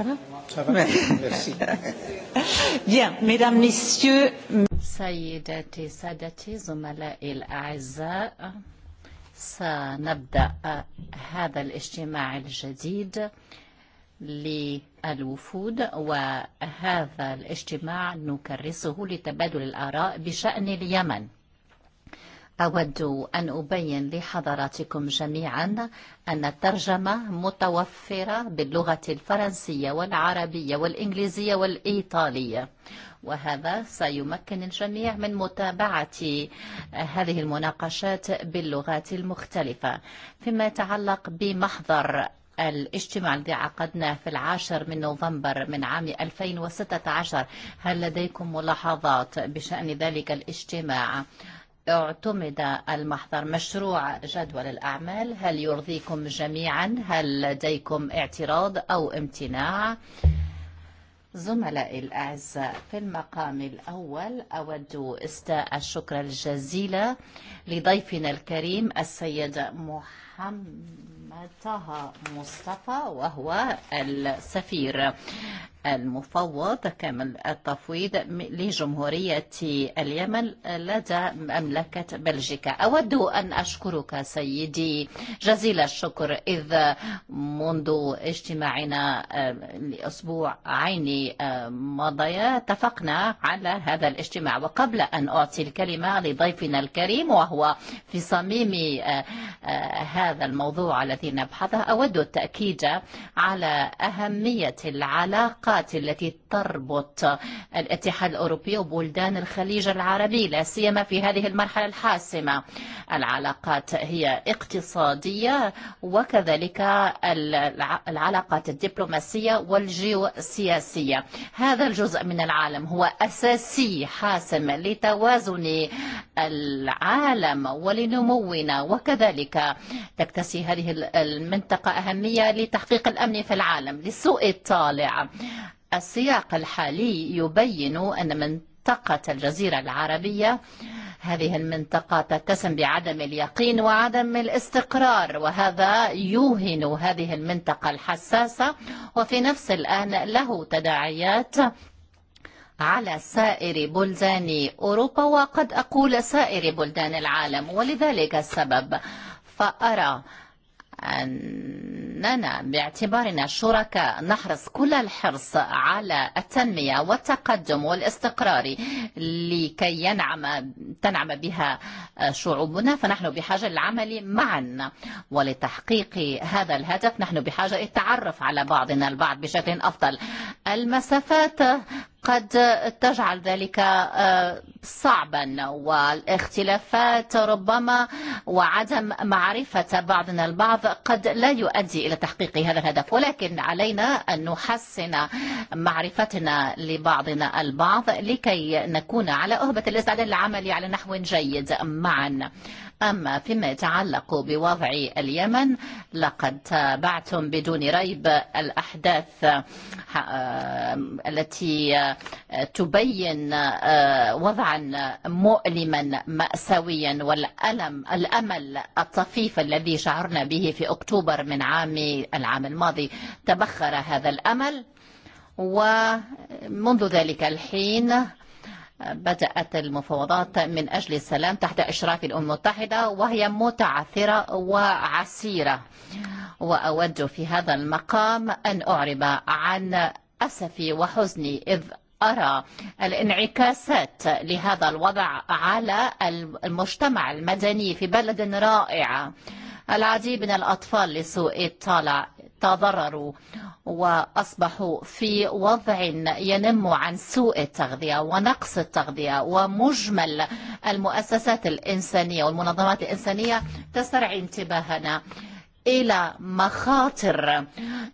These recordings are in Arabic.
Ça va Ça va. Merci. Bien, mesdames, messieurs. سيداتي سادتي زملاء الأعزاء سنبدأ هذا الاجتماع الجديد للوفود وهذا الاجتماع نكرسه لتبادل الآراء بشأن اليمن أود أن أبين لحضراتكم جميعا أن الترجمة متوفرة باللغة الفرنسية والعربية والإنجليزية والإيطالية وهذا سيمكن الجميع من متابعة هذه المناقشات باللغات المختلفة فيما يتعلق بمحضر الاجتماع الذي عقدناه في العاشر من نوفمبر من عام 2016 هل لديكم ملاحظات بشأن ذلك الاجتماع؟ اعتمد المحضر مشروع جدول الأعمال هل يرضيكم جميعا هل لديكم اعتراض أو امتناع زملائي الأعزاء في المقام الأول أود استاء الشكر الجزيل لضيفنا الكريم السيد محمد طه مصطفى وهو السفير المفوض كامل التفويض لجمهورية اليمن لدى مملكة بلجيكا أود أن أشكرك سيدي جزيل الشكر إذ منذ اجتماعنا لأسبوع لأسبوعين مضي اتفقنا على هذا الاجتماع وقبل أن أعطي الكلمة لضيفنا الكريم وهو في صميم هذا الموضوع الذي نبحثه أود التأكيد على أهمية العلاقة العلاقات التي تربط الاتحاد الأوروبي وبلدان الخليج العربي لا سيما في هذه المرحلة الحاسمة العلاقات هي اقتصادية وكذلك العلاقات الدبلوماسية والجيوسياسية هذا الجزء من العالم هو أساسي حاسم لتوازن العالم ولنمونا وكذلك تكتسي هذه المنطقة أهمية لتحقيق الأمن في العالم للسوء الطالع السياق الحالي يبين أن منطقة الجزيرة العربية هذه المنطقة تتسم بعدم اليقين وعدم الاستقرار وهذا يوهن هذه المنطقة الحساسة وفي نفس الآن له تداعيات على سائر بلدان أوروبا وقد أقول سائر بلدان العالم ولذلك السبب فأرى أننا باعتبارنا شركاء نحرص كل الحرص على التنمية والتقدم والاستقرار لكي ينعم تنعم بها شعوبنا فنحن بحاجة للعمل معا ولتحقيق هذا الهدف نحن بحاجة التعرف على بعضنا البعض بشكل أفضل المسافات قد تجعل ذلك صعبا والاختلافات ربما وعدم معرفة بعضنا البعض قد لا يؤدي إلى تحقيق هذا الهدف ولكن علينا أن نحسن معرفتنا لبعضنا البعض لكي نكون على أهبة الاستعداد للعمل على نحو جيد معنا أما فيما يتعلق بوضع اليمن لقد تابعتم بدون ريب الأحداث التي تبين وضعا مؤلما مأساويا والألم الأمل الطفيف الذي شعرنا به في أكتوبر من عام العام الماضي تبخر هذا الأمل ومنذ ذلك الحين بدأت المفاوضات من أجل السلام تحت إشراف الأمم المتحدة وهي متعثرة وعسيرة وأود في هذا المقام أن أعرب عن أسفي وحزني إذ أرى الانعكاسات لهذا الوضع على المجتمع المدني في بلد رائع العديد من الأطفال لسوء الطالع تضرروا وأصبحوا في وضع ينم عن سوء التغذية ونقص التغذية ومجمل المؤسسات الإنسانية والمنظمات الإنسانية تسرع انتباهنا إلى مخاطر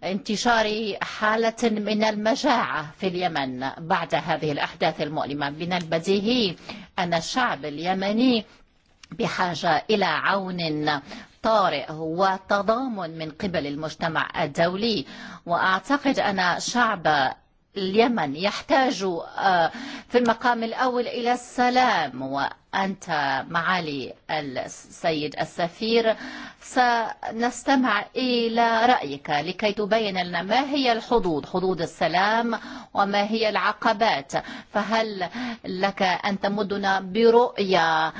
انتشار حالة من المجاعة في اليمن بعد هذه الأحداث المؤلمة من البديهي أن الشعب اليمني بحاجة إلى عون الطارئ هو تضامن من قبل المجتمع الدولي وأعتقد أن شعب اليمن يحتاج في المقام الأول إلى السلام و أنت معالي السيد السفير سنستمع إلى رأيك لكي تبين لنا ما هي الحدود حدود السلام وما هي العقبات فهل لك أن تمدنا برؤية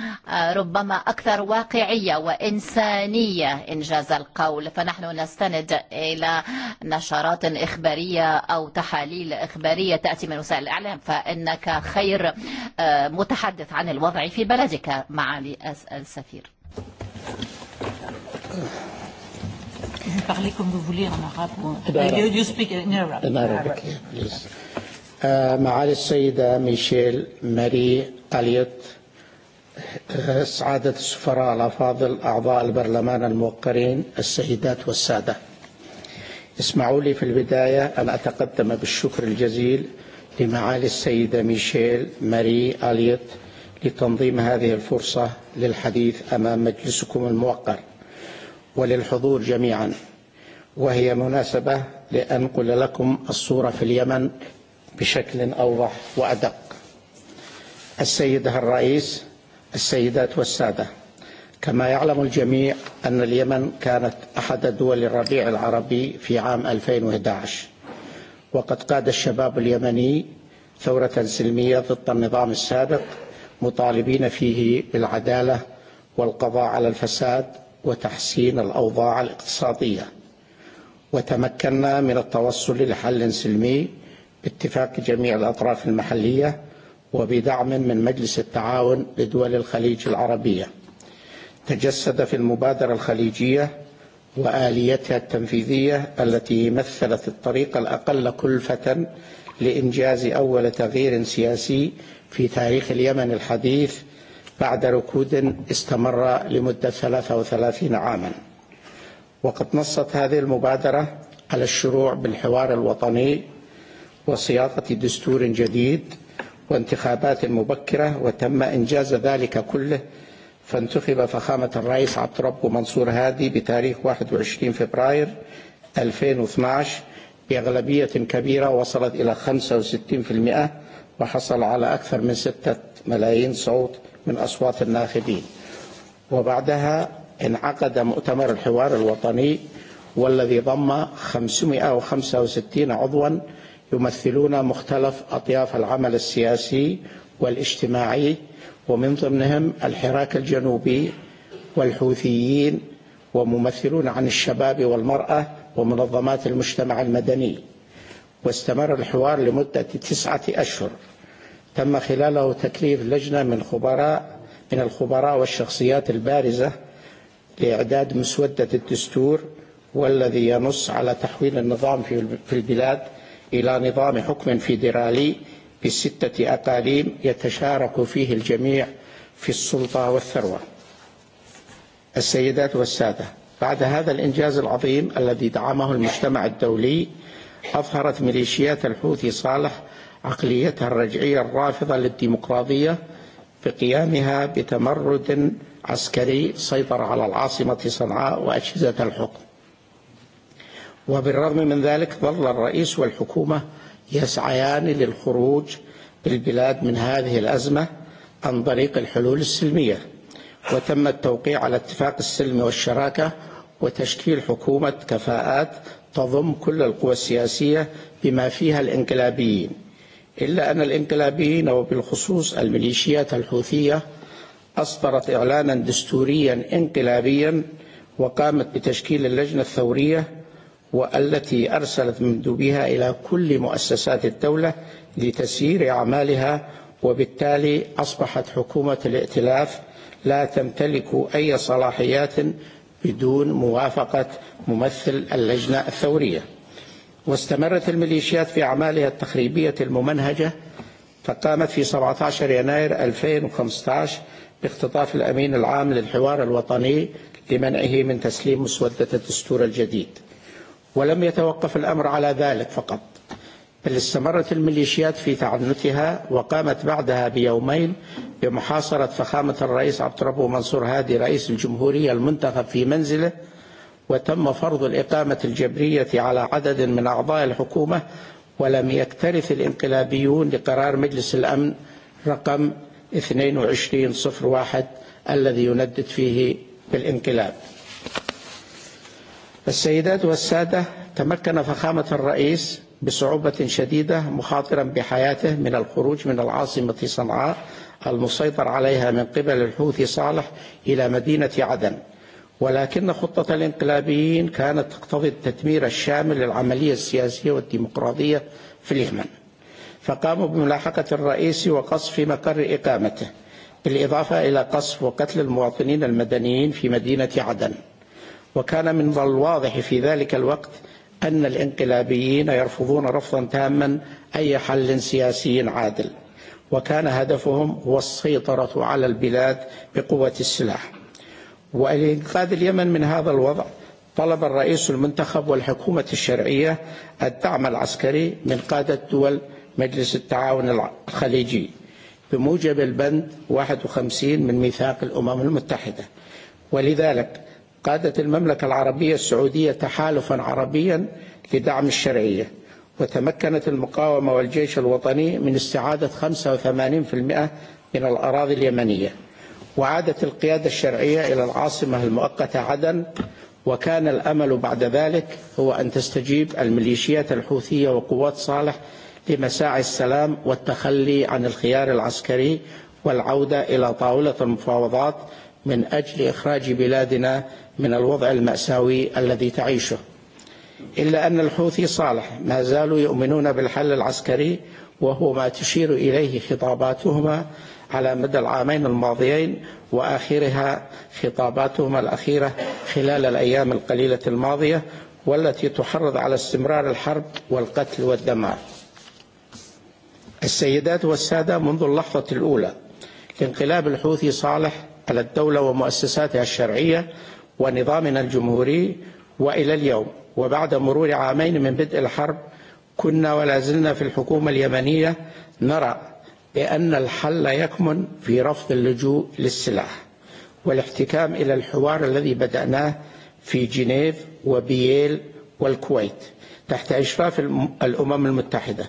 ربما أكثر واقعية وإنسانية إنجاز القول فنحن نستند إلى نشرات إخبارية أو تحاليل إخبارية تأتي من وسائل الإعلام فإنك خير متحدث عن الوضع في بلدك معالي السفير معالي السيدة ميشيل ماري أليوت uh, سعادة السفراء الأفاضل أعضاء البرلمان الموقرين السيدات والسادة اسمعوا لي في البداية أن أتقدم بالشكر الجزيل لمعالي السيدة ميشيل ماري أليت لتنظيم هذه الفرصة للحديث أمام مجلسكم الموقر وللحضور جميعا وهي مناسبة لأنقل لكم الصورة في اليمن بشكل أوضح وأدق السيدة الرئيس السيدات والسادة كما يعلم الجميع أن اليمن كانت أحد دول الربيع العربي في عام 2011 وقد قاد الشباب اليمني ثورة سلمية ضد النظام السابق مطالبين فيه بالعدالة والقضاء على الفساد وتحسين الأوضاع الاقتصادية وتمكنا من التوصل لحل سلمي باتفاق جميع الأطراف المحلية وبدعم من مجلس التعاون لدول الخليج العربية تجسد في المبادرة الخليجية وآليتها التنفيذية التي مثلت الطريق الأقل كلفة لإنجاز أول تغيير سياسي في تاريخ اليمن الحديث بعد ركود استمر لمدة 33 عاما وقد نصت هذه المبادرة على الشروع بالحوار الوطني وصياغة دستور جديد وانتخابات مبكرة وتم إنجاز ذلك كله فانتخب فخامة الرئيس عبد رب منصور هادي بتاريخ 21 فبراير 2012 بأغلبية كبيرة وصلت إلى 65% وحصل على أكثر من 6 ملايين صوت من أصوات الناخبين وبعدها انعقد مؤتمر الحوار الوطني والذي ضم 565 عضوا يمثلون مختلف أطياف العمل السياسي والاجتماعي ومن ضمنهم الحراك الجنوبي والحوثيين وممثلون عن الشباب والمرأة ومنظمات المجتمع المدني واستمر الحوار لمدة تسعة أشهر تم خلاله تكليف لجنة من خبراء من الخبراء والشخصيات البارزة لإعداد مسودة الدستور والذي ينص على تحويل النظام في البلاد إلى نظام حكم فيدرالي بستة أقاليم يتشارك فيه الجميع في السلطة والثروة السيدات والسادة بعد هذا الإنجاز العظيم الذي دعمه المجتمع الدولي أظهرت ميليشيات الحوثي صالح عقليتها الرجعية الرافضة للديمقراطية قيامها بتمرد عسكري سيطر على العاصمة صنعاء وأجهزة الحكم وبالرغم من ذلك ظل الرئيس والحكومة يسعيان للخروج بالبلاد من هذه الأزمة عن طريق الحلول السلمية وتم التوقيع على اتفاق السلم والشراكة وتشكيل حكومة كفاءات تضم كل القوى السياسية بما فيها الانقلابيين إلا أن الانقلابيين وبالخصوص الميليشيات الحوثية أصدرت إعلانا دستوريا انقلابيا وقامت بتشكيل اللجنة الثورية والتي أرسلت مندوبيها إلى كل مؤسسات الدولة لتسيير أعمالها وبالتالي أصبحت حكومة الائتلاف لا تمتلك أي صلاحيات بدون موافقة ممثل اللجنة الثورية واستمرت الميليشيات في أعمالها التخريبية الممنهجة فقامت في 17 يناير 2015 باختطاف الأمين العام للحوار الوطني لمنعه من تسليم مسودة الدستور الجديد ولم يتوقف الأمر على ذلك فقط بل استمرت الميليشيات في تعنتها وقامت بعدها بيومين بمحاصرة فخامة الرئيس عبد ربه منصور هادي رئيس الجمهورية المنتخب في منزله وتم فرض الإقامة الجبرية على عدد من أعضاء الحكومة ولم يكترث الانقلابيون لقرار مجلس الأمن رقم 2201 الذي يندد فيه بالانقلاب السيدات والسادة تمكن فخامة الرئيس بصعوبة شديدة مخاطرا بحياته من الخروج من العاصمة صنعاء المسيطر عليها من قبل الحوثي صالح إلى مدينة عدن ولكن خطة الانقلابيين كانت تقتضي التدمير الشامل للعملية السياسية والديمقراطية في اليمن فقاموا بملاحقة الرئيس وقصف في مقر إقامته بالإضافة إلى قصف وقتل المواطنين المدنيين في مدينة عدن وكان من الواضح في ذلك الوقت أن الانقلابيين يرفضون رفضا تاما أي حل سياسي عادل وكان هدفهم هو السيطرة على البلاد بقوة السلاح ولإنقاذ اليمن من هذا الوضع طلب الرئيس المنتخب والحكومة الشرعية الدعم العسكري من قادة دول مجلس التعاون الخليجي بموجب البند 51 من ميثاق الأمم المتحدة ولذلك قادت المملكة العربية السعودية تحالفا عربيا لدعم الشرعية وتمكنت المقاومة والجيش الوطني من استعادة 85% من الأراضي اليمنية وعادت القيادة الشرعية إلى العاصمة المؤقتة عدن وكان الأمل بعد ذلك هو أن تستجيب الميليشيات الحوثية وقوات صالح لمساعي السلام والتخلي عن الخيار العسكري والعودة إلى طاولة المفاوضات من أجل إخراج بلادنا من الوضع المأساوي الذي تعيشه إلا أن الحوثي صالح ما زالوا يؤمنون بالحل العسكري وهو ما تشير إليه خطاباتهما على مدى العامين الماضيين وآخرها خطاباتهما الأخيرة خلال الأيام القليلة الماضية والتي تحرض على استمرار الحرب والقتل والدمار السيدات والسادة منذ اللحظة الأولى لانقلاب الحوثي صالح على الدولة ومؤسساتها الشرعية ونظامنا الجمهوري وإلى اليوم وبعد مرور عامين من بدء الحرب كنا ولازلنا في الحكومة اليمنية نرى بأن الحل يكمن في رفض اللجوء للسلاح والاحتكام إلى الحوار الذي بدأناه في جنيف وبييل والكويت تحت إشراف الأمم المتحدة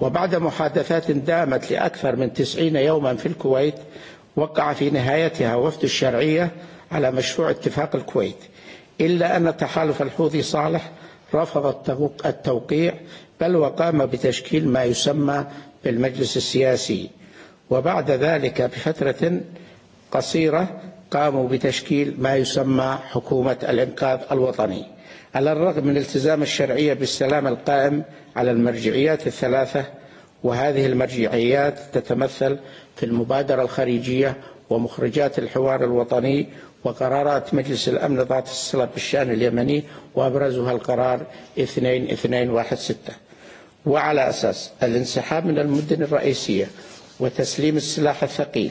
وبعد محادثات دامت لأكثر من تسعين يوما في الكويت وقع في نهايتها وفد الشرعية على مشروع اتفاق الكويت إلا أن تحالف الحوثي صالح رفض التوقيع بل وقام بتشكيل ما يسمى بالمجلس السياسي وبعد ذلك بفترة قصيرة قاموا بتشكيل ما يسمى حكومة الإنقاذ الوطني على الرغم من التزام الشرعية بالسلام القائم على المرجعيات الثلاثة وهذه المرجعيات تتمثل في المبادرة الخارجية ومخرجات الحوار الوطني وقرارات مجلس الأمن ذات الصلة بالشأن اليمني وأبرزها القرار 2216 وعلى أساس الانسحاب من المدن الرئيسية وتسليم السلاح الثقيل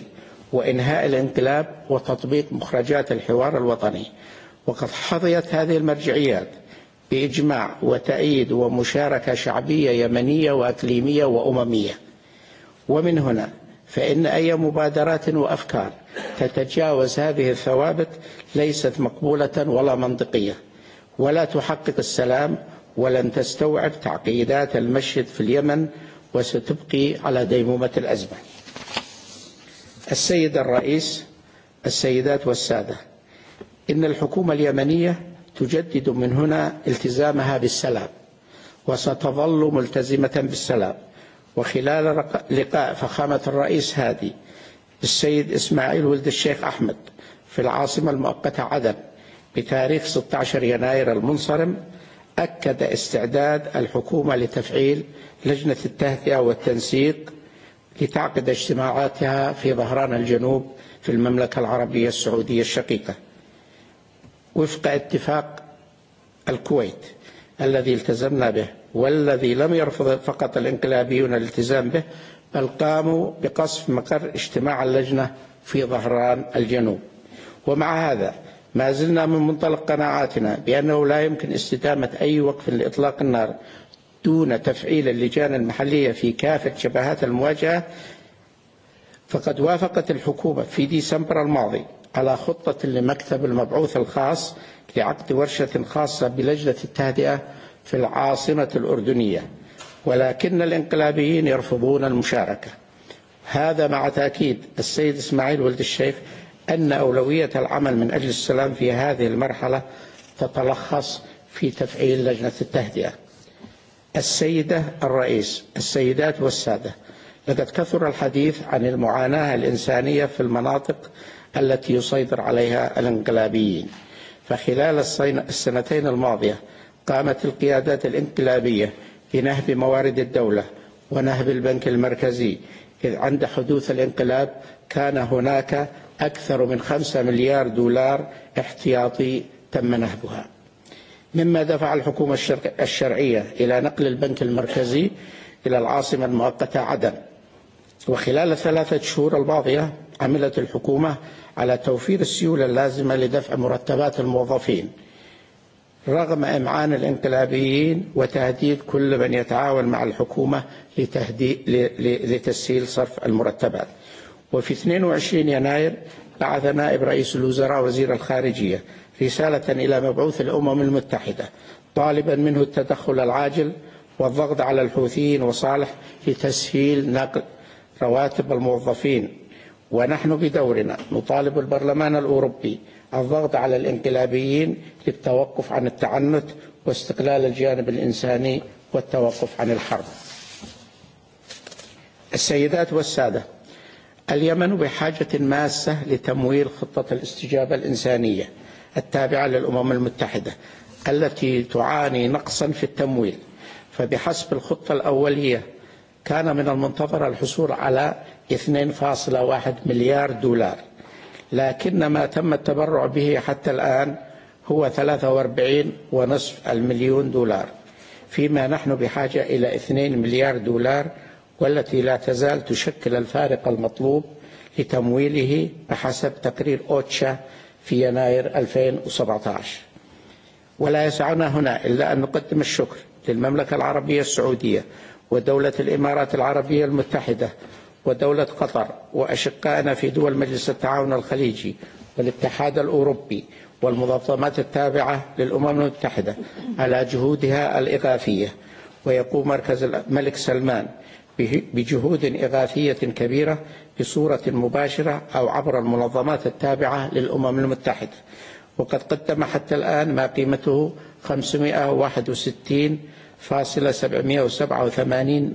وإنهاء الانقلاب وتطبيق مخرجات الحوار الوطني وقد حظيت هذه المرجعيات بإجماع وتأييد ومشاركة شعبية يمنية وأكليمية وأممية ومن هنا فإن أي مبادرات وأفكار تتجاوز هذه الثوابت ليست مقبولة ولا منطقية ولا تحقق السلام ولن تستوعب تعقيدات المشهد في اليمن وستبقي على ديمومة الأزمة السيد الرئيس السيدات والسادة إن الحكومة اليمنية تجدد من هنا التزامها بالسلام وستظل ملتزمة بالسلام وخلال لقاء فخامة الرئيس هادي السيد إسماعيل ولد الشيخ أحمد في العاصمة المؤقتة عدن بتاريخ 16 يناير المنصرم أكد استعداد الحكومة لتفعيل لجنة التهدئة والتنسيق لتعقد اجتماعاتها في ظهران الجنوب في المملكة العربية السعودية الشقيقة وفق اتفاق الكويت الذي التزمنا به والذي لم يرفض فقط الانقلابيون الالتزام به بل قاموا بقصف مقر اجتماع اللجنة في ظهران الجنوب ومع هذا ما زلنا من منطلق قناعاتنا بأنه لا يمكن استدامة أي وقف لإطلاق النار دون تفعيل اللجان المحلية في كافة شبهات المواجهة فقد وافقت الحكومة في ديسمبر الماضي على خطة لمكتب المبعوث الخاص لعقد ورشة خاصة بلجنة التهدئة في العاصمة الأردنية ولكن الانقلابيين يرفضون المشاركة هذا مع تأكيد السيد إسماعيل ولد الشيخ أن أولوية العمل من أجل السلام في هذه المرحلة تتلخص في تفعيل لجنة التهدئة السيدة الرئيس السيدات والسادة لقد كثر الحديث عن المعاناة الإنسانية في المناطق التي يسيطر عليها الانقلابيين فخلال السنتين الماضية قامت القيادات الانقلابية في نهب موارد الدولة ونهب البنك المركزي إذ عند حدوث الانقلاب كان هناك أكثر من خمسة مليار دولار احتياطي تم نهبها مما دفع الحكومة الشرعية إلى نقل البنك المركزي إلى العاصمة المؤقتة عدن وخلال ثلاثة شهور الماضية عملت الحكومة على توفير السيولة اللازمة لدفع مرتبات الموظفين رغم إمعان الانقلابيين وتهديد كل من يتعاون مع الحكومة لتسهيل صرف المرتبات وفي 22 يناير بعث نائب رئيس الوزراء وزير الخارجية رسالة إلى مبعوث الأمم المتحدة طالبا منه التدخل العاجل والضغط على الحوثيين وصالح لتسهيل نقل رواتب الموظفين ونحن بدورنا نطالب البرلمان الأوروبي الضغط على الانقلابيين للتوقف عن التعنت واستقلال الجانب الإنساني والتوقف عن الحرب السيدات والسادة اليمن بحاجة ماسة لتمويل خطة الاستجابة الإنسانية التابعة للأمم المتحدة التي تعاني نقصا في التمويل فبحسب الخطة الأولية كان من المنتظر الحصول على 2.1 مليار دولار لكن ما تم التبرع به حتى الآن هو 43.5 المليون دولار فيما نحن بحاجة إلى 2 مليار دولار والتي لا تزال تشكل الفارق المطلوب لتمويله بحسب تقرير أوتشا في يناير 2017 ولا يسعنا هنا إلا أن نقدم الشكر للمملكة العربية السعودية ودولة الإمارات العربية المتحدة ودولة قطر وأشقائنا في دول مجلس التعاون الخليجي والاتحاد الأوروبي والمنظمات التابعة للأمم المتحدة على جهودها الإغاثية ويقوم مركز الملك سلمان بجهود إغاثية كبيرة بصورة مباشرة أو عبر المنظمات التابعة للأمم المتحدة وقد قدم حتى الآن ما قيمته 561.787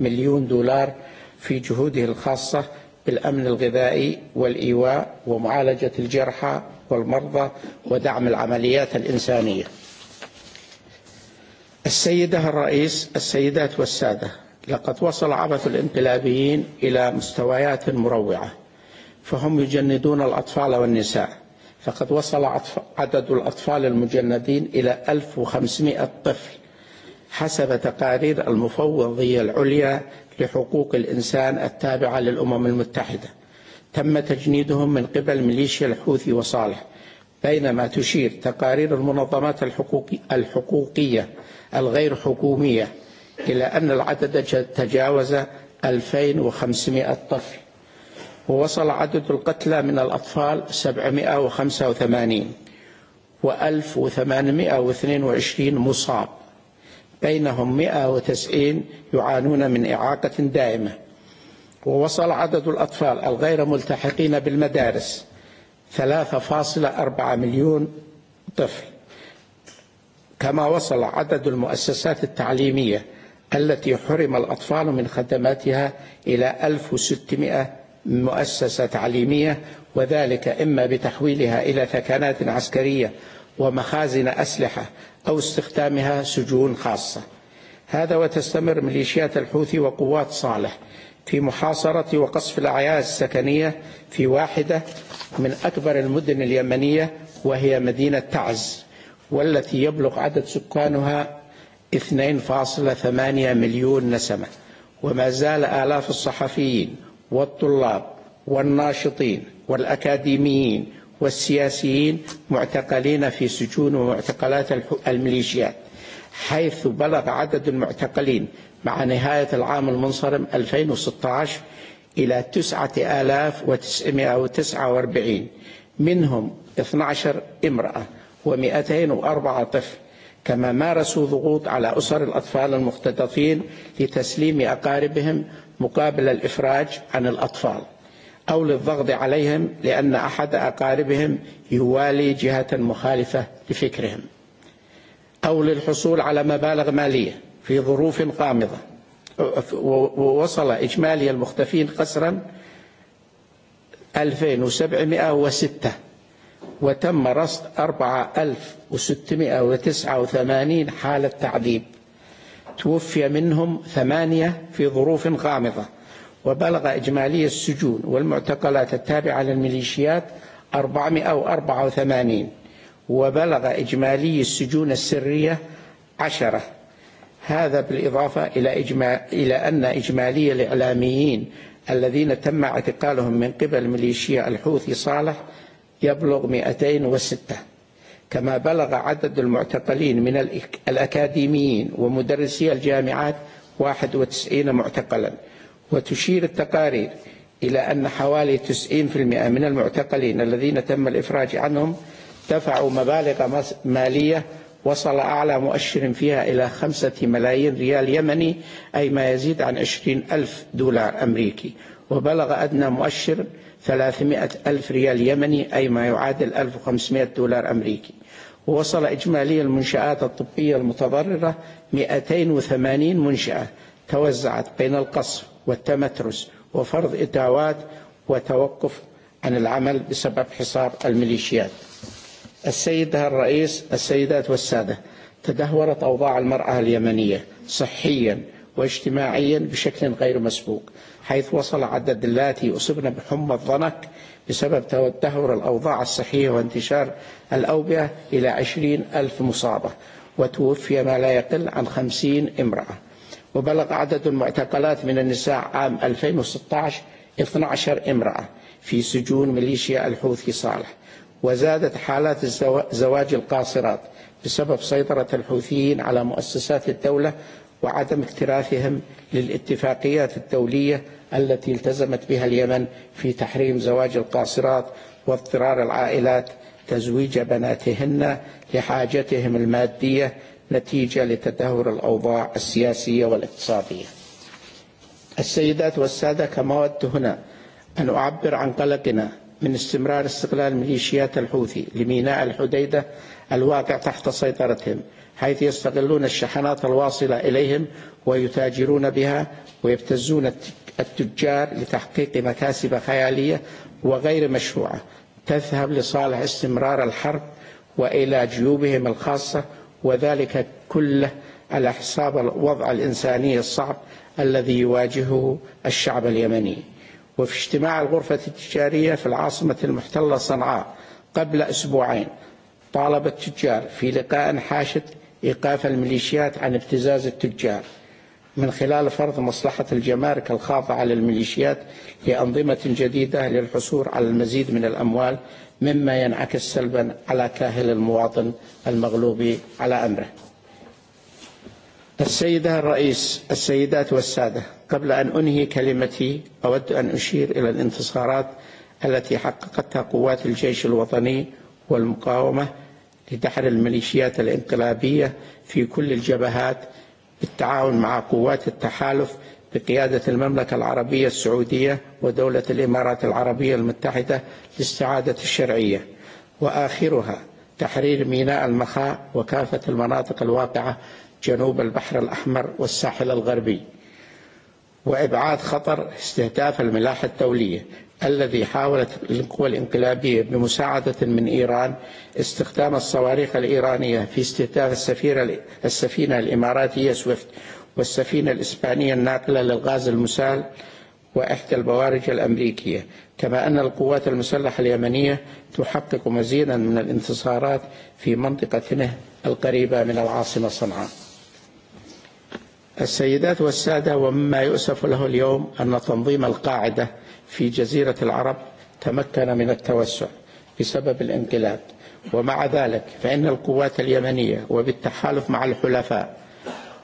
مليون دولار في جهوده الخاصة بالأمن الغذائي والإيواء ومعالجة الجرحى والمرضى ودعم العمليات الإنسانية السيدة الرئيس السيدات والسادة لقد وصل عبث الانقلابيين إلى مستويات مروعة فهم يجندون الأطفال والنساء فقد وصل عدد الأطفال المجندين إلى 1500 طفل حسب تقارير المفوضية العليا لحقوق الإنسان التابعة للأمم المتحدة تم تجنيدهم من قبل ميليشيا الحوثي وصالح بينما تشير تقارير المنظمات الحقوقية الغير حكومية إلى أن العدد تجاوز 2500 طفل ووصل عدد القتلى من الأطفال 785 و1822 مصاب بينهم 190 يعانون من إعاقة دائمة ووصل عدد الأطفال الغير ملتحقين بالمدارس 3.4 مليون طفل كما وصل عدد المؤسسات التعليمية التي حرم الأطفال من خدماتها إلى 1600 مؤسسة تعليمية وذلك إما بتحويلها إلى ثكنات عسكرية ومخازن أسلحة أو استخدامها سجون خاصة هذا وتستمر ميليشيات الحوثي وقوات صالح في محاصرة وقصف الأعياد السكنية في واحدة من أكبر المدن اليمنية وهي مدينة تعز والتي يبلغ عدد سكانها 2.8 مليون نسمة وما زال آلاف الصحفيين والطلاب والناشطين والأكاديميين والسياسيين معتقلين في سجون ومعتقلات الميليشيات حيث بلغ عدد المعتقلين مع نهاية العام المنصرم 2016 إلى 9949 منهم 12 امرأة و204 طفل كما مارسوا ضغوط على أسر الأطفال المختطفين لتسليم أقاربهم مقابل الإفراج عن الأطفال أو للضغط عليهم لأن أحد أقاربهم يوالي جهة مخالفة لفكرهم أو للحصول على مبالغ مالية في ظروف قامضة ووصل إجمالي المختفين قسرا 2706 وتم رصد 4689 حالة تعذيب توفي منهم ثمانية في ظروف قامضة وبلغ إجمالي السجون والمعتقلات التابعة للميليشيات 484 وبلغ إجمالي السجون السرية عشرة هذا بالإضافة إلى, إجما... إلى أن إجمالي الإعلاميين الذين تم اعتقالهم من قبل ميليشيا الحوثي صالح يبلغ 206 كما بلغ عدد المعتقلين من الأكاديميين ومدرسي الجامعات 91 معتقلاً وتشير التقارير إلى أن حوالي 90% من المعتقلين الذين تم الإفراج عنهم دفعوا مبالغ مالية وصل أعلى مؤشر فيها إلى خمسة ملايين ريال يمني أي ما يزيد عن عشرين ألف دولار أمريكي وبلغ أدنى مؤشر 300 ألف ريال يمني أي ما يعادل 1500 دولار أمريكي ووصل إجمالي المنشآت الطبية المتضررة 280 منشأة توزعت بين القصف والتمترس وفرض إتاوات وتوقف عن العمل بسبب حصار الميليشيات السيدة الرئيس السيدات والسادة تدهورت أوضاع المرأة اليمنية صحيا واجتماعيا بشكل غير مسبوق حيث وصل عدد اللاتي أصبن بحمى الضنك بسبب تدهور الأوضاع الصحية وانتشار الأوبئة إلى عشرين ألف مصابة وتوفي ما لا يقل عن خمسين امرأة وبلغ عدد المعتقلات من النساء عام 2016 12 امرأة في سجون ميليشيا الحوثي صالح وزادت حالات الزواج القاصرات بسبب سيطرة الحوثيين على مؤسسات الدولة وعدم اكتراثهم للاتفاقيات الدولية التي التزمت بها اليمن في تحريم زواج القاصرات واضطرار العائلات تزويج بناتهن لحاجتهم المادية نتيجة لتدهور الأوضاع السياسية والاقتصادية السيدات والسادة كما أود هنا أن أعبر عن قلقنا من استمرار استقلال ميليشيات الحوثي لميناء الحديدة الواقع تحت سيطرتهم حيث يستغلون الشحنات الواصلة إليهم ويتاجرون بها ويبتزون التجار لتحقيق مكاسب خيالية وغير مشروعة تذهب لصالح استمرار الحرب وإلى جيوبهم الخاصة وذلك كله على حساب الوضع الإنساني الصعب الذي يواجهه الشعب اليمني وفي اجتماع الغرفة التجارية في العاصمة المحتلة صنعاء قبل أسبوعين طالب التجار في لقاء حاشد إيقاف الميليشيات عن ابتزاز التجار من خلال فرض مصلحة الجمارك الخاضعة للميليشيات لأنظمة جديدة للحصول على المزيد من الأموال مما ينعكس سلبا على كاهل المواطن المغلوب على أمره السيدة الرئيس السيدات والسادة قبل أن أنهي كلمتي أود أن أشير إلى الانتصارات التي حققتها قوات الجيش الوطني والمقاومة لدحر الميليشيات الانقلابية في كل الجبهات بالتعاون مع قوات التحالف بقيادة المملكة العربية السعودية ودولة الإمارات العربية المتحدة لاستعادة الشرعية وآخرها تحرير ميناء المخاء وكافة المناطق الواقعة جنوب البحر الأحمر والساحل الغربي وإبعاد خطر استهداف الملاحة الدولية الذي حاولت القوى الانقلابية بمساعدة من إيران استخدام الصواريخ الإيرانية في استهداف السفيرة السفينة الإماراتية سويفت والسفينة الإسبانية الناقلة للغاز المسال وإحدى البوارج الأمريكية كما أن القوات المسلحة اليمنية تحقق مزيدا من الانتصارات في منطقة نه القريبة من العاصمة صنعاء السيدات والسادة ومما يؤسف له اليوم أن تنظيم القاعدة في جزيرة العرب تمكن من التوسع بسبب الانقلاب ومع ذلك فإن القوات اليمنية وبالتحالف مع الحلفاء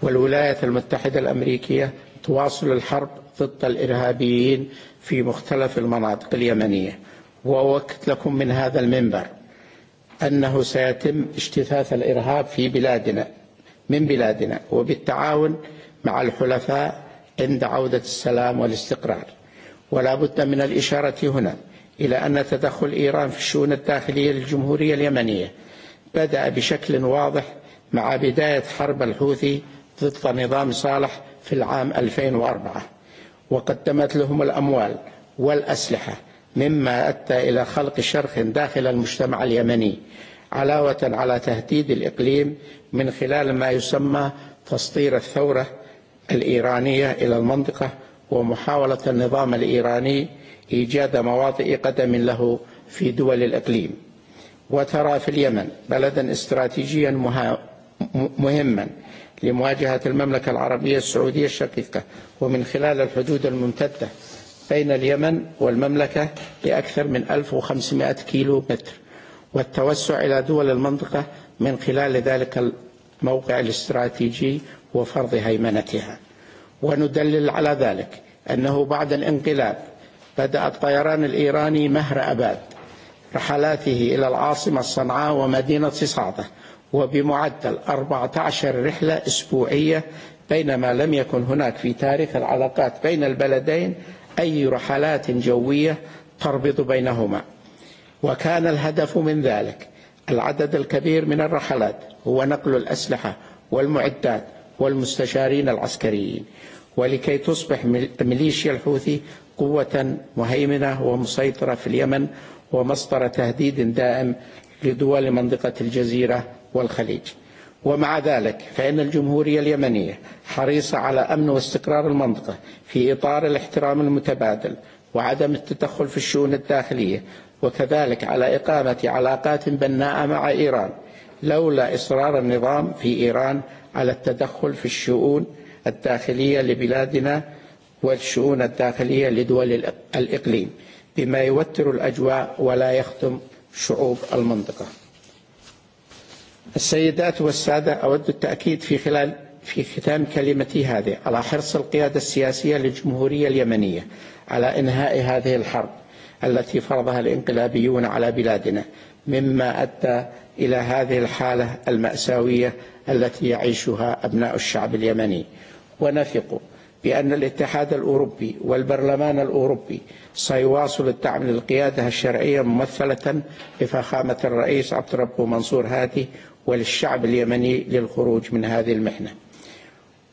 والولايات المتحدة الأمريكية تواصل الحرب ضد الإرهابيين في مختلف المناطق اليمنية ووكت لكم من هذا المنبر أنه سيتم اجتثاث الإرهاب في بلادنا من بلادنا وبالتعاون مع الحلفاء عند عودة السلام والاستقرار ولا بد من الإشارة هنا إلى أن تدخل إيران في الشؤون الداخلية للجمهورية اليمنية بدأ بشكل واضح مع بداية حرب الحوثي ضد نظام صالح في العام 2004 وقدمت لهم الأموال والأسلحة مما أدى إلى خلق شرخ داخل المجتمع اليمني علاوة على تهديد الإقليم من خلال ما يسمى تسطير الثورة الإيرانية إلى المنطقة ومحاولة النظام الإيراني إيجاد مواطئ قدم له في دول الإقليم وترى في اليمن بلدا استراتيجيا مهما لمواجهة المملكة العربية السعودية الشقيقة ومن خلال الحدود الممتدة بين اليمن والمملكة لأكثر من 1500 كيلو متر والتوسع إلى دول المنطقة من خلال ذلك الموقع الاستراتيجي وفرض هيمنتها وندلل على ذلك أنه بعد الانقلاب بدأ الطيران الإيراني مهر أباد رحلاته إلى العاصمة صنعاء ومدينة صعدة وبمعدل 14 رحلة أسبوعية بينما لم يكن هناك في تاريخ العلاقات بين البلدين أي رحلات جوية تربط بينهما وكان الهدف من ذلك العدد الكبير من الرحلات هو نقل الأسلحة والمعدات والمستشارين العسكريين ولكي تصبح ميليشيا الحوثي قوة مهيمنة ومسيطرة في اليمن ومصدر تهديد دائم لدول منطقة الجزيرة والخليج ومع ذلك فإن الجمهورية اليمنية حريصة على أمن واستقرار المنطقة في إطار الاحترام المتبادل وعدم التدخل في الشؤون الداخلية وكذلك على إقامة علاقات بناءة مع إيران لولا إصرار النظام في إيران على التدخل في الشؤون الداخلية لبلادنا والشؤون الداخلية لدول الإقليم بما يوتر الأجواء ولا يخدم شعوب المنطقة السيدات والسادة أود التأكيد في خلال في ختام كلمتي هذه على حرص القيادة السياسية للجمهورية اليمنية على إنهاء هذه الحرب التي فرضها الإنقلابيون على بلادنا مما أدى إلى هذه الحالة المأساوية التي يعيشها أبناء الشعب اليمني ونثق بأن الاتحاد الأوروبي والبرلمان الأوروبي سيواصل الدعم للقيادة الشرعية ممثلة بفخامة الرئيس عبد ربه منصور هادي وللشعب اليمني للخروج من هذه المحنة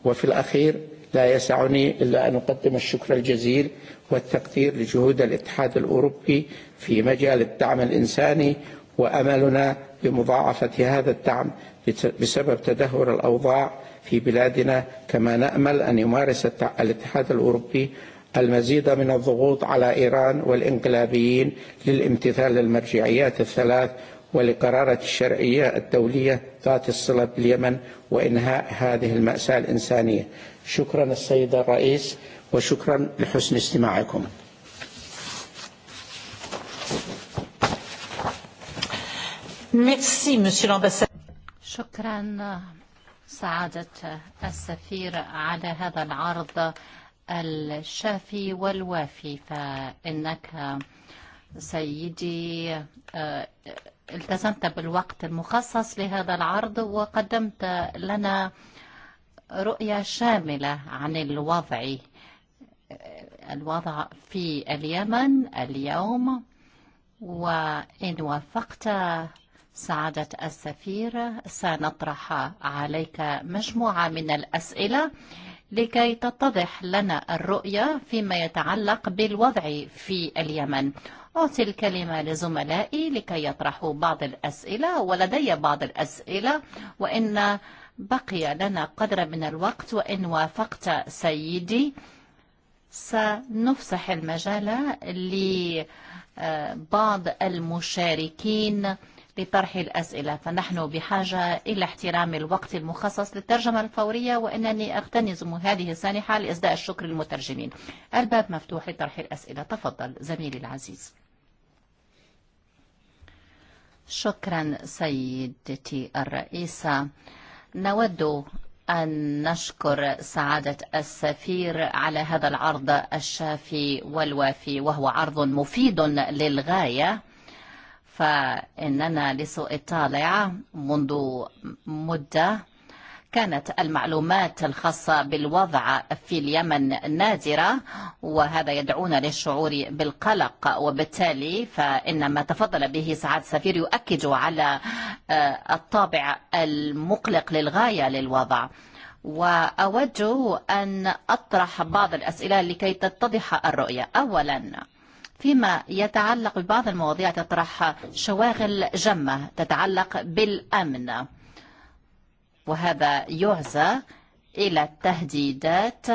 وفي الأخير لا يسعني إلا أن أقدم الشكر الجزيل والتقدير لجهود الاتحاد الأوروبي في مجال الدعم الإنساني وأملنا بمضاعفة هذا الدعم بسبب تدهور الأوضاع في بلادنا كما نأمل أن يمارس الاتحاد الأوروبي المزيد من الضغوط على إيران والإنقلابيين للامتثال للمرجعيات الثلاث ولقرارة الشرعية الدولية ذات الصلة باليمن وإنهاء هذه المأساة الإنسانية شكرا السيد الرئيس وشكرا لحسن استماعكم Merci, Monsieur l'Ambassadeur. شكرا سعادة السفير على هذا العرض الشافي والوافي فإنك سيدي التزمت بالوقت المخصص لهذا العرض وقدمت لنا رؤية شاملة عن الوضع الوضع في اليمن اليوم وإن وفقت سعادة السفيرة سنطرح عليك مجموعة من الأسئلة لكي تتضح لنا الرؤية فيما يتعلق بالوضع في اليمن أعطي الكلمة لزملائي لكي يطرحوا بعض الأسئلة ولدي بعض الأسئلة وإن بقي لنا قدر من الوقت وإن وافقت سيدي سنفسح المجال لبعض المشاركين لطرح الأسئلة فنحن بحاجة إلى احترام الوقت المخصص للترجمة الفورية وإنني أغتنز هذه السانحة لإصداء الشكر للمترجمين الباب مفتوح لطرح الأسئلة تفضل زميلي العزيز شكرا سيدتي الرئيسة نود أن نشكر سعادة السفير على هذا العرض الشافي والوافي وهو عرض مفيد للغاية فإننا لسوء الطالع منذ مدة كانت المعلومات الخاصة بالوضع في اليمن نادرة وهذا يدعونا للشعور بالقلق وبالتالي فإن ما تفضل به سعاد سفير يؤكد على الطابع المقلق للغاية للوضع وأود أن أطرح بعض الأسئلة لكي تتضح الرؤية أولاً فيما يتعلق ببعض المواضيع تطرح شواغل جمة تتعلق بالأمن وهذا يعزى إلى التهديدات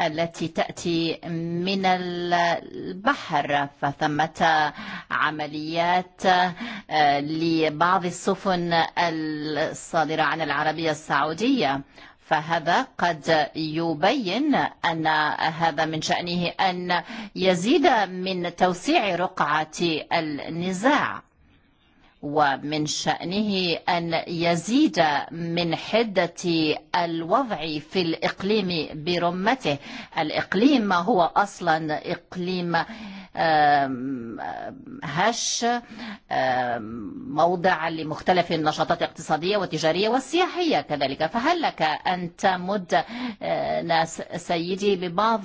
التي تأتي من البحر فثمة عمليات لبعض السفن الصادرة عن العربية السعودية فهذا قد يبين أن هذا من شأنه أن يزيد من توسيع رقعة النزاع ومن شأنه أن يزيد من حدة الوضع في الإقليم برمته الإقليم هو أصلا إقليم هش موضع لمختلف النشاطات الاقتصادية والتجارية والسياحية كذلك فهل لك أن تمد ناس سيدي ببعض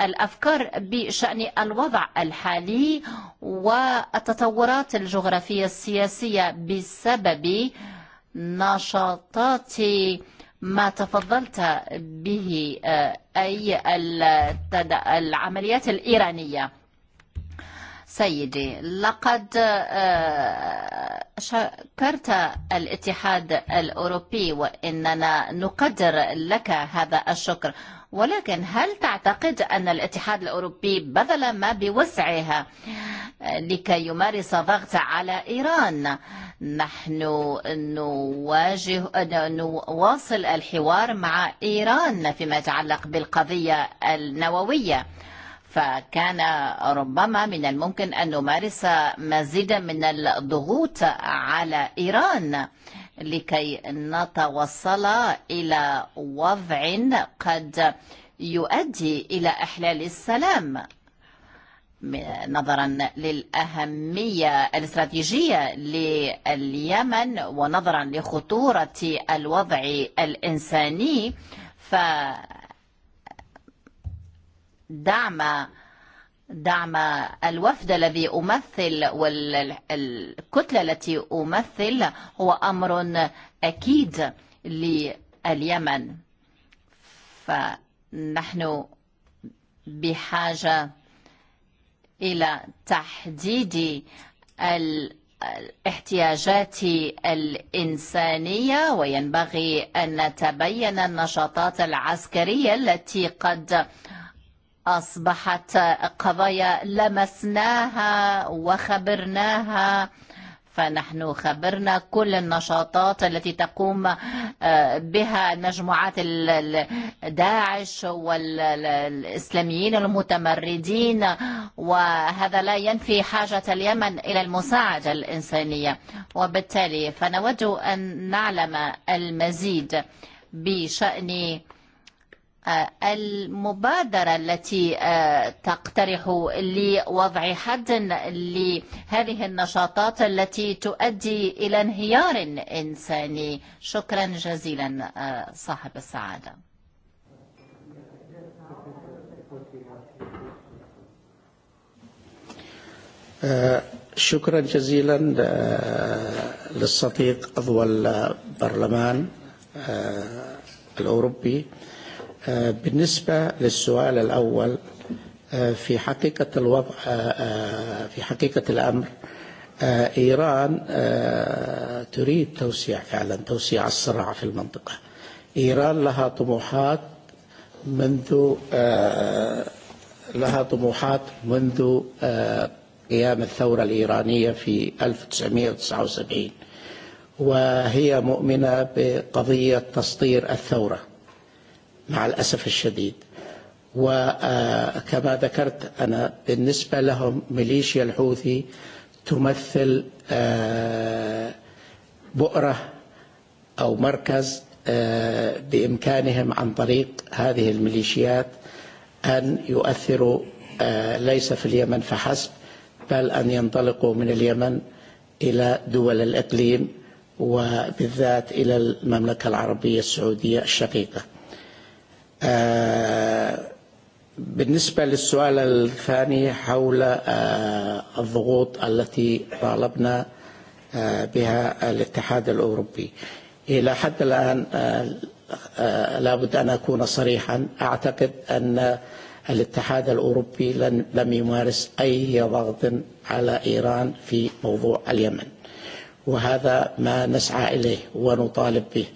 الأفكار بشأن الوضع الحالي والتطورات الجغرافية السياسية بسبب نشاطات ما تفضلت به أي العمليات الإيرانية سيدي لقد شكرت الاتحاد الأوروبي وإننا نقدر لك هذا الشكر ولكن هل تعتقد أن الاتحاد الأوروبي بذل ما بوسعها لكي يمارس ضغط على إيران نحن نواجه نواصل الحوار مع إيران فيما يتعلق بالقضية النووية فكان ربما من الممكن أن نمارس مزيدا من الضغوط على إيران لكي نتوصل إلى وضع قد يؤدي إلى إحلال السلام نظرا للأهمية الاستراتيجية لليمن ونظرا لخطورة الوضع الإنساني ف دعم دعم الوفد الذي أمثل والكتلة التي أمثل هو أمر أكيد لليمن فنحن بحاجة إلى تحديد الاحتياجات الإنسانية وينبغي أن نتبين النشاطات العسكرية التي قد أصبحت قضايا لمسناها وخبرناها فنحن خبرنا كل النشاطات التي تقوم بها مجموعات داعش والإسلاميين المتمردين وهذا لا ينفي حاجة اليمن إلى المساعدة الإنسانية وبالتالي فنود أن نعلم المزيد بشأن المبادرة التي تقترح لوضع حد لهذه النشاطات التي تؤدي إلى انهيار إنساني شكرا جزيلا صاحب السعادة شكرا جزيلا للصديق أضوى البرلمان الأوروبي بالنسبة للسؤال الأول في حقيقة الوضع في حقيقة الأمر إيران تريد توسيع فعلا توسيع الصراع في المنطقة إيران لها طموحات منذ لها طموحات منذ قيام الثورة الإيرانية في 1979 وهي مؤمنة بقضية تسطير الثورة مع الأسف الشديد وكما ذكرت أنا بالنسبة لهم ميليشيا الحوثي تمثل بؤرة أو مركز بإمكانهم عن طريق هذه الميليشيات أن يؤثروا ليس في اليمن فحسب بل أن ينطلقوا من اليمن إلى دول الإقليم وبالذات إلى المملكة العربية السعودية الشقيقة بالنسبة للسؤال الثاني حول الضغوط التي طالبنا بها الاتحاد الأوروبي إلى حد الآن لا بد أن أكون صريحا أعتقد أن الاتحاد الأوروبي لم يمارس أي ضغط على إيران في موضوع اليمن وهذا ما نسعى إليه ونطالب به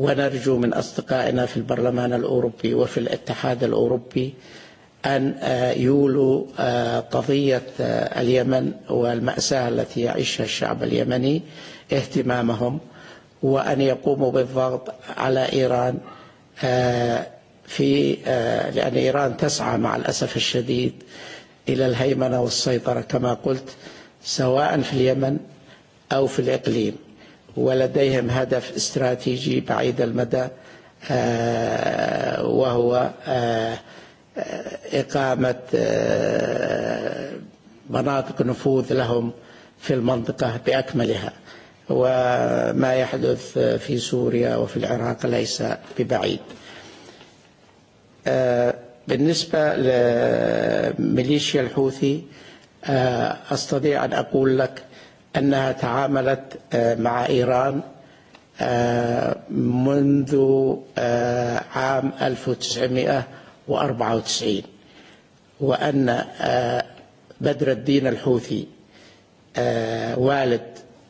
ونرجو من أصدقائنا في البرلمان الأوروبي وفي الاتحاد الأوروبي أن يولوا قضية اليمن والمأساة التي يعيشها الشعب اليمني اهتمامهم وأن يقوموا بالضغط على إيران في لأن إيران تسعى مع الأسف الشديد إلى الهيمنة والسيطرة كما قلت سواء في اليمن أو في الإقليم ولديهم هدف استراتيجي بعيد المدى وهو إقامة مناطق نفوذ لهم في المنطقة بأكملها وما يحدث في سوريا وفي العراق ليس ببعيد بالنسبة لميليشيا الحوثي أستطيع أن أقول لك أنها تعاملت مع إيران منذ عام 1994 وأن بدر الدين الحوثي والد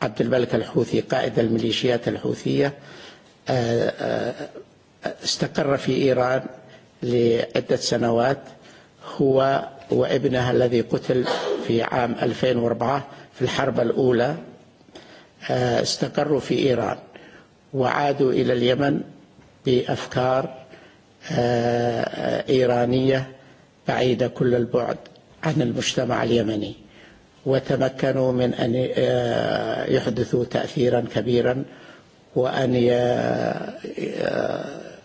عبد الملك الحوثي قائد الميليشيات الحوثية استقر في إيران لعدة سنوات هو وابنها الذي قتل في عام 2004 في الحرب الأولى استقروا في إيران وعادوا إلى اليمن بأفكار إيرانية بعيدة كل البعد عن المجتمع اليمني وتمكنوا من أن يحدثوا تأثيرا كبيرا وأن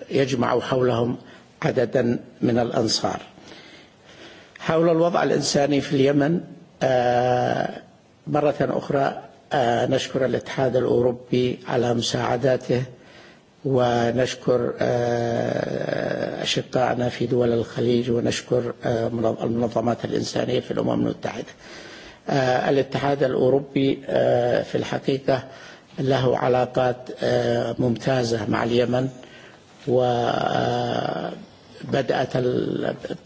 يجمعوا حولهم عددا من الأنصار حول الوضع الإنساني في اليمن مرة أخرى نشكر الاتحاد الأوروبي على مساعداته ونشكر أشقائنا في دول الخليج ونشكر المنظمات الإنسانية في الأمم المتحدة الاتحاد الأوروبي في الحقيقة له علاقات ممتازة مع اليمن وبدأت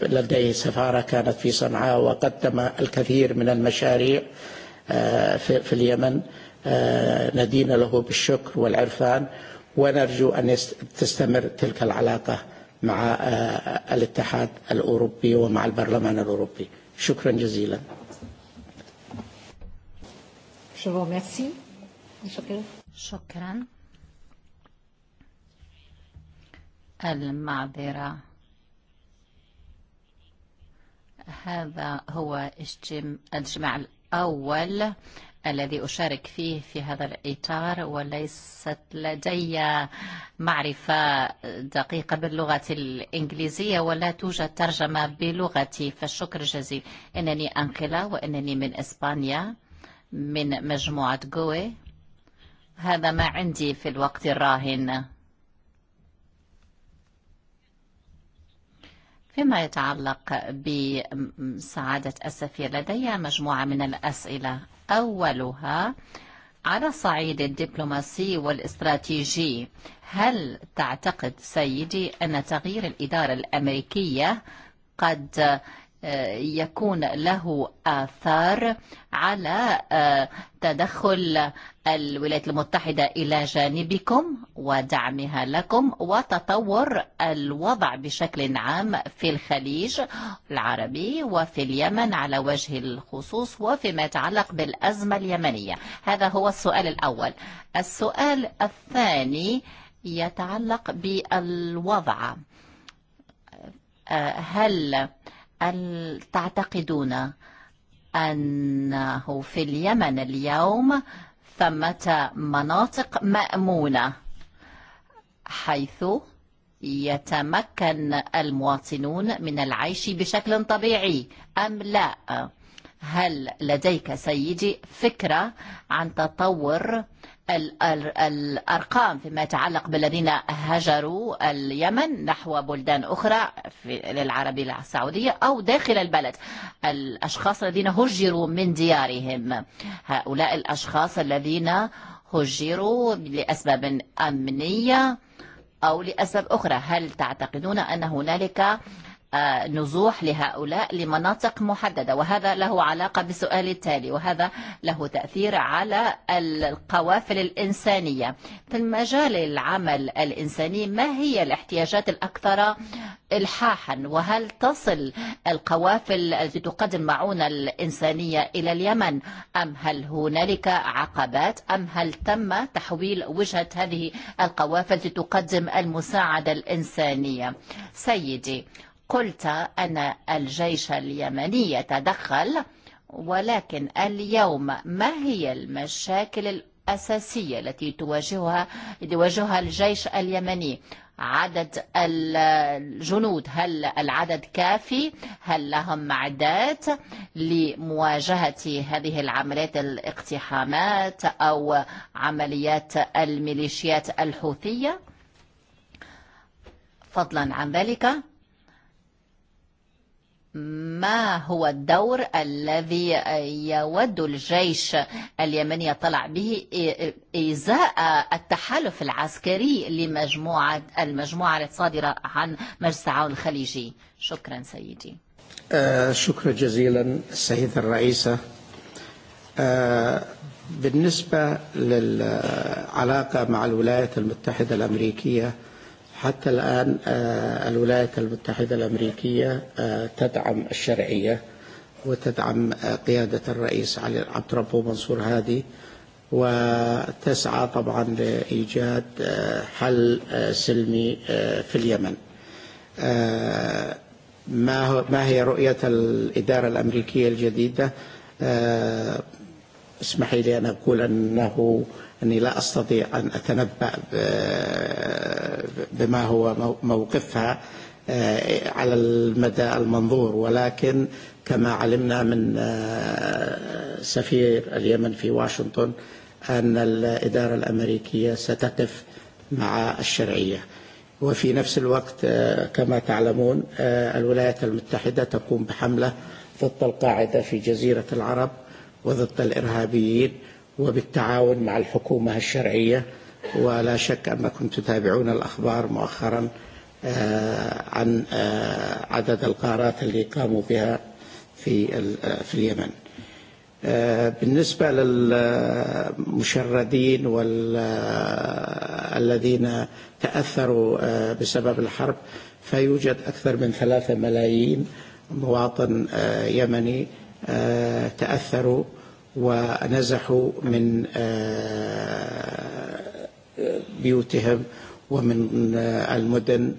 لديه سفارة كانت في صنعاء وقدم الكثير من المشاريع في اليمن ندين له بالشكر والعرفان ونرجو أن تستمر تلك العلاقة مع الاتحاد الأوروبي ومع البرلمان الأوروبي شكرا جزيلا شكرا المعذرة هذا هو اجتماع الأول الذي أشارك فيه في هذا الإطار وليست لدي معرفة دقيقة باللغة الإنجليزية ولا توجد ترجمة بلغتي فالشكر جزيل إنني أنقلة وإنني من إسبانيا من مجموعة جوي هذا ما عندي في الوقت الراهن فيما يتعلق بسعادة السفير لدي مجموعة من الأسئلة أولها على صعيد الدبلوماسي والاستراتيجي هل تعتقد سيدي أن تغيير الإدارة الأمريكية قد يكون له آثار على تدخل الولايات المتحدة إلى جانبكم ودعمها لكم وتطور الوضع بشكل عام في الخليج العربي وفي اليمن على وجه الخصوص وفيما يتعلق بالأزمة اليمنية هذا هو السؤال الأول السؤال الثاني يتعلق بالوضع هل هل تعتقدون أنه في اليمن اليوم ثمة مناطق مأمونة حيث يتمكن المواطنون من العيش بشكل طبيعي أم لا؟ هل لديك سيدي فكرة عن تطور الأرقام فيما يتعلق بالذين هجروا اليمن نحو بلدان أخرى في للعربية السعودية أو داخل البلد الأشخاص الذين هجروا من ديارهم هؤلاء الأشخاص الذين هجروا لأسباب أمنية أو لأسباب أخرى هل تعتقدون أن هنالك نزوح لهؤلاء لمناطق محددة وهذا له علاقة بالسؤال التالي وهذا له تأثير على القوافل الإنسانية في المجال العمل الإنساني ما هي الاحتياجات الأكثر إلحاحا وهل تصل القوافل التي تقدم معونة الإنسانية إلى اليمن أم هل هنالك عقبات أم هل تم تحويل وجهة هذه القوافل التي تقدم المساعدة الإنسانية سيدي قلت أن الجيش اليمني يتدخل ولكن اليوم ما هي المشاكل الأساسية التي تواجهها يواجهها الجيش اليمني عدد الجنود هل العدد كافي هل لهم معدات لمواجهة هذه العمليات الاقتحامات أو عمليات الميليشيات الحوثية فضلا عن ذلك ما هو الدور الذي يود الجيش اليمني يطلع به إزاء التحالف العسكري لمجموعة المجموعة الصادرة عن مجلس التعاون الخليجي شكرا سيدي آه شكرا جزيلا السيدة الرئيسة آه بالنسبة للعلاقة مع الولايات المتحدة الأمريكية حتى الآن الولايات المتحدة الأمريكية تدعم الشرعية وتدعم قيادة الرئيس علي عبد ربه منصور هادي وتسعى طبعا لإيجاد حل سلمي في اليمن ما هي رؤية الإدارة الأمريكية الجديدة اسمحي لي أن أقول أنه أني لا أستطيع أن أتنبأ بما هو موقفها على المدى المنظور ولكن كما علمنا من سفير اليمن في واشنطن أن الإدارة الأمريكية ستقف مع الشرعية وفي نفس الوقت كما تعلمون الولايات المتحدة تقوم بحملة ضد القاعدة في جزيرة العرب وضد الإرهابيين وبالتعاون مع الحكومة الشرعية ولا شك أنكم تتابعون الأخبار مؤخرا عن عدد القارات اللي قاموا بها في في اليمن بالنسبة للمشردين والذين تأثروا بسبب الحرب فيوجد أكثر من ثلاثة ملايين مواطن يمني تأثروا ونزحوا من بيوتهم ومن المدن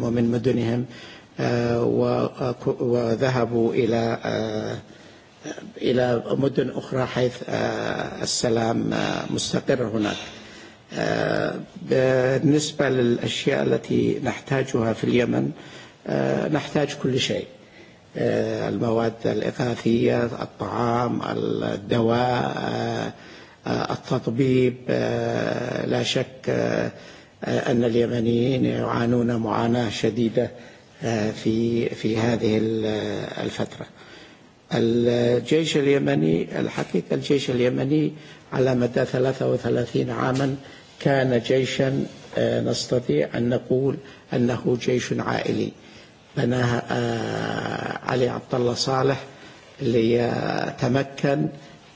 ومن مدنهم وذهبوا إلى إلى مدن أخرى حيث السلام مستقر هناك بالنسبة للأشياء التي نحتاجها في اليمن نحتاج كل شيء المواد الإغاثية الطعام الدواء التطبيب لا شك أن اليمنيين يعانون معاناة شديدة في في هذه الفترة الجيش اليمني الحقيقة الجيش اليمني على مدى 33 عاما كان جيشا نستطيع أن نقول أنه جيش عائلي بناها علي عبد الله صالح اللي تمكن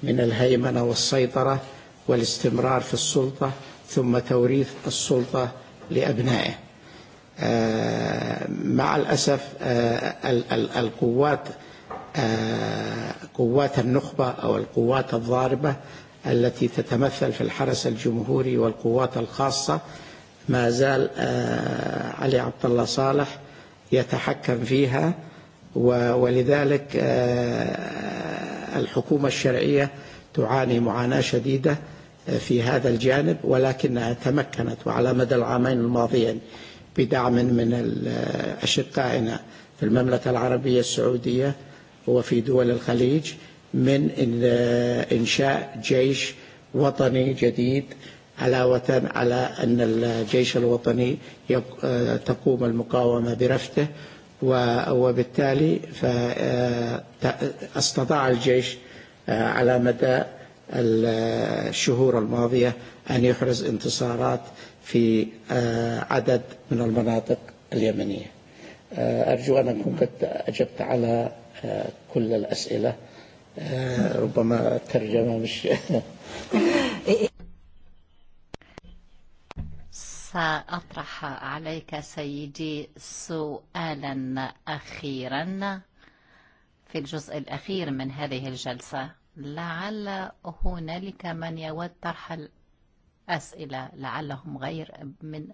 من الهيمنة والسيطرة والاستمرار في السلطة ثم توريث السلطة لأبنائه مع الأسف القوات قوات النخبة أو القوات الضاربة التي تتمثل في الحرس الجمهوري والقوات الخاصة ما زال علي عبد الله صالح يتحكم فيها ولذلك الحكومة الشرعية تعاني معاناة شديدة في هذا الجانب ولكنها تمكنت وعلى مدى العامين الماضيين بدعم من أشقائنا في المملكة العربية السعودية وفي دول الخليج من إنشاء جيش وطني جديد علاوة على أن الجيش الوطني تقوم المقاومة برفته وبالتالي استطاع الجيش على مدى الشهور الماضية أن يحرز انتصارات في عدد من المناطق اليمنية أرجو أن أكون قد أجبت على كل الأسئلة ربما ترجمة مش سأطرح عليك سيدي سؤالا أخيرا في الجزء الأخير من هذه الجلسة لعل هنالك من يود طرح الأسئلة لعلهم غير من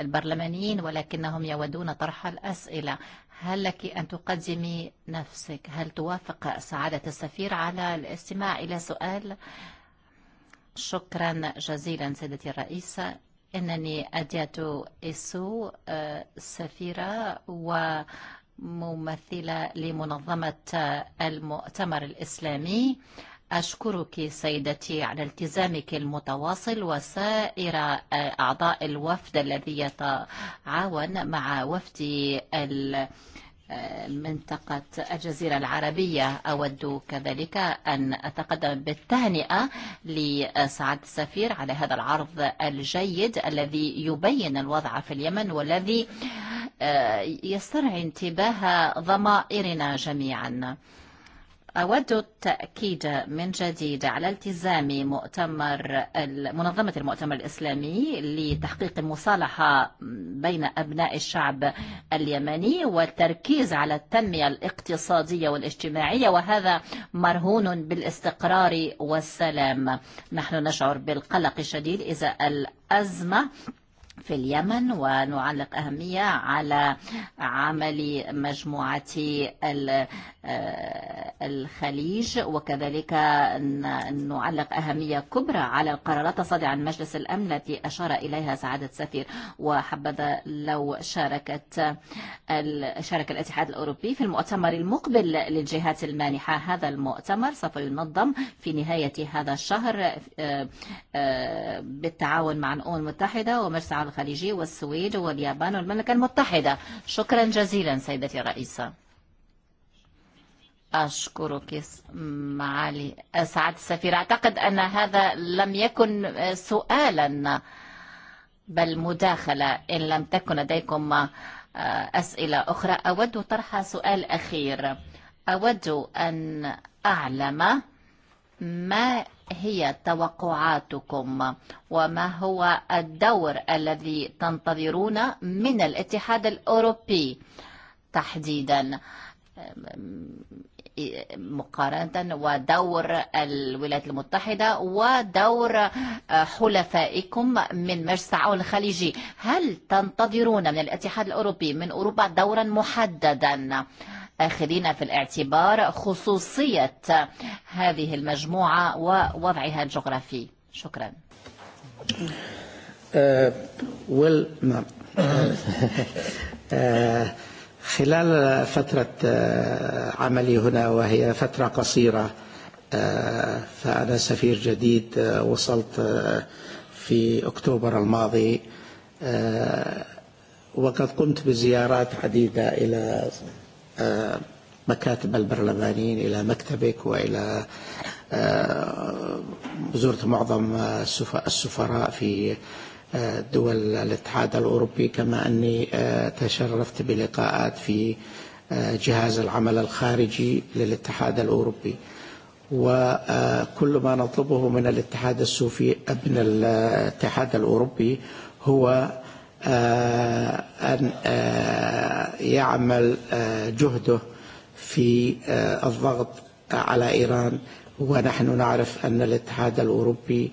البرلمانيين ولكنهم يودون طرح الأسئلة هل لك أن تقدمي نفسك هل توافق سعادة السفير على الاستماع إلى سؤال شكرا جزيلا سيدتي الرئيسة أنني أديت إسو سفيرة وممثلة لمنظمة المؤتمر الإسلامي أشكرك سيدتي على التزامك المتواصل وسائر أعضاء الوفد الذي يتعاون مع وفد منطقة الجزيرة العربية أود كذلك أن أتقدم بالتهنئة لسعد السفير على هذا العرض الجيد الذي يبين الوضع في اليمن والذي يسترعي انتباه ضمائرنا جميعا. أود التأكيد من جديد على التزام مؤتمر منظمة المؤتمر الإسلامي لتحقيق المصالحة بين أبناء الشعب اليمني والتركيز على التنمية الاقتصادية والاجتماعية وهذا مرهون بالاستقرار والسلام نحن نشعر بالقلق الشديد إذا الأزمة في اليمن ونعلق أهمية على عمل مجموعة الخليج وكذلك نعلق أهمية كبرى على القرارات الصادرة عن مجلس الأمن التي أشار إليها سعادة السفير وحبذا لو شاركت شارك الاتحاد الأوروبي في المؤتمر المقبل للجهات المانحة هذا المؤتمر سوف ينظم في نهاية هذا الشهر بالتعاون مع الأمم المتحدة ومجلس الصراع الخليجي والسويد واليابان والمملكة المتحدة شكرا جزيلا سيدتي الرئيسة أشكرك معالي سعادة السفير أعتقد أن هذا لم يكن سؤالا بل مداخلة إن لم تكن لديكم أسئلة أخرى أود طرح سؤال أخير أود أن أعلم ما هي توقعاتكم وما هو الدور الذي تنتظرون من الاتحاد الأوروبي تحديدا مقارنة ودور الولايات المتحدة ودور حلفائكم من مجلس التعاون الخليجي هل تنتظرون من الاتحاد الأوروبي من أوروبا دورا محددا؟ آخرين في الاعتبار خصوصية هذه المجموعة ووضعها الجغرافي شكرا ويل uh, نعم uh, uh, خلال فترة عملي هنا وهي فترة قصيرة فأنا سفير جديد وصلت في أكتوبر الماضي وقد قمت بزيارات عديدة إلى مكاتب البرلمانيين إلى مكتبك وإلى زرت معظم السفراء في دول الاتحاد الأوروبي كما أني تشرفت بلقاءات في جهاز العمل الخارجي للاتحاد الأوروبي وكل ما نطلبه من الاتحاد السوفي ابن الاتحاد الأوروبي هو أن يعمل جهده في الضغط على إيران ونحن نعرف أن الاتحاد الأوروبي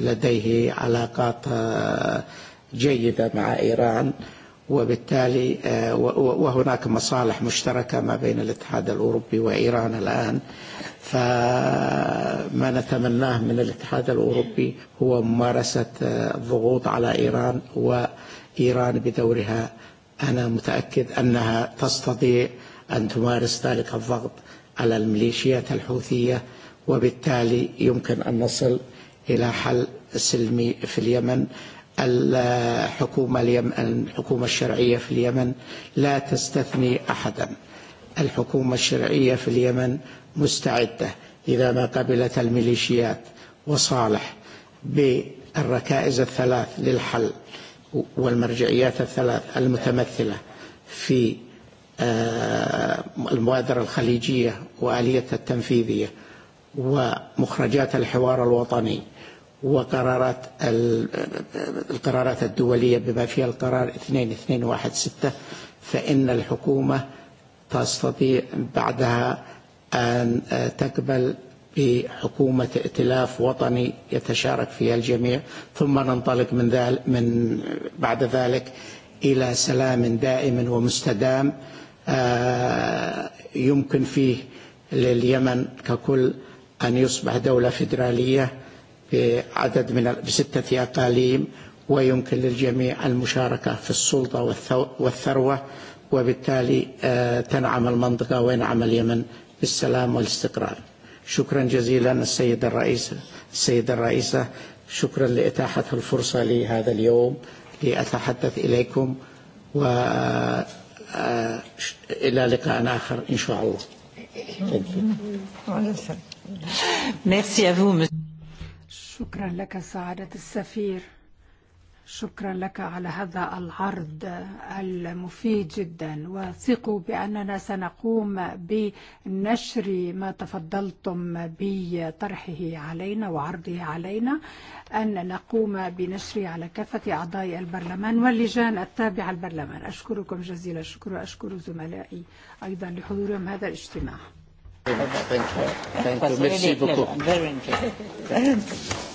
لديه علاقات جيدة مع إيران وبالتالي وهناك مصالح مشتركة ما بين الاتحاد الأوروبي وإيران الآن فما نتمناه من الاتحاد الأوروبي هو ممارسة الضغوط على إيران وإيران بدورها أنا متأكد أنها تستطيع أن تمارس ذلك الضغط على الميليشيات الحوثية وبالتالي يمكن أن نصل إلى حل سلمي في اليمن الحكومة, اليم... الحكومة الشرعية في اليمن لا تستثني أحدا الحكومة الشرعية في اليمن مستعدة إذا ما قبلت الميليشيات وصالح بالركائز الثلاث للحل والمرجعيات الثلاث المتمثلة في المبادرة الخليجية وآلية التنفيذية ومخرجات الحوار الوطني وقرارات القرارات الدولية بما فيها القرار 2216 فإن الحكومة تستطيع بعدها أن تقبل بحكومة ائتلاف وطني يتشارك فيها الجميع ثم ننطلق من, ذلك من بعد ذلك إلى سلام دائم ومستدام يمكن فيه لليمن ككل أن يصبح دولة فدرالية بعدد من بستة أقاليم ويمكن للجميع المشاركة في السلطة والثروة وبالتالي تنعم المنطقة وينعم اليمن بالسلام والاستقرار شكرا جزيلا السيد الرئيس السيد الرئيسة شكرا لإتاحة الفرصة لي هذا اليوم لأتحدث إليكم وإلى لقاء آخر إن شاء الله Merci à vous, monsieur. شكرا لك سعادة السفير شكرا لك على هذا العرض المفيد جدا وثقوا بأننا سنقوم بنشر ما تفضلتم بطرحه علينا وعرضه علينا أن نقوم بنشره على كافة أعضاء البرلمان واللجان التابعة البرلمان أشكركم جزيلا الشكر وأشكر زملائي أيضا لحضورهم هذا الاجتماع Thank you. Thank you. Merci beaucoup. Very interesting.